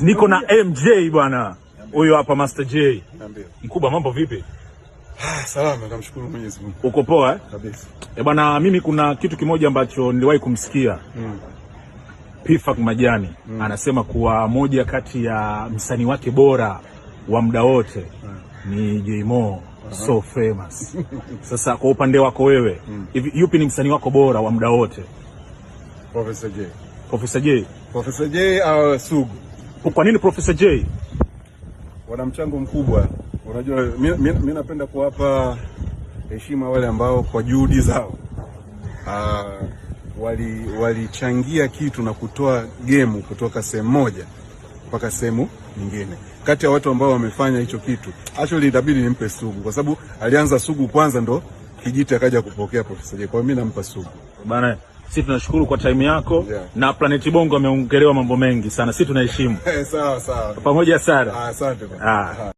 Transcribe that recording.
Niko na MJ bwana, huyo hapa Master J. Mkubwa, mambo vipi? Ah, salama, namshukuru Mwenyezi Mungu. Uko poa eh? Kabisa. E bwana, mimi kuna kitu kimoja ambacho niliwahi kumsikia mm. Pifak Majani mm. anasema kuwa moja kati ya msanii wake bora wa muda wote mm. ni Jmo so famous. Sasa kwa upande wako wewe mm. yupi ni msanii wako bora wa muda wote? Professor J. Professor J. Professor J au Sugu? Kwa nini Profesa J? Wana mchango mkubwa. Unajua mimi napenda kuwapa heshima wale ambao kwa juhudi zao ah, wali walichangia kitu na kutoa gemu kutoka sehemu moja mpaka sehemu nyingine. Kati ya watu ambao wamefanya hicho kitu, actually inabidi nimpe Sugu kwa sababu alianza Sugu kwanza ndo kijiti akaja kupokea Profesa J. Kwa hiyo mimi nampa Sugu bana. Sisi tunashukuru kwa time yako yeah. Na Planet Bongo ameongelewa mambo mengi sana, sisi tunaheshimu. Sawa sawa, pamoja sana, asante.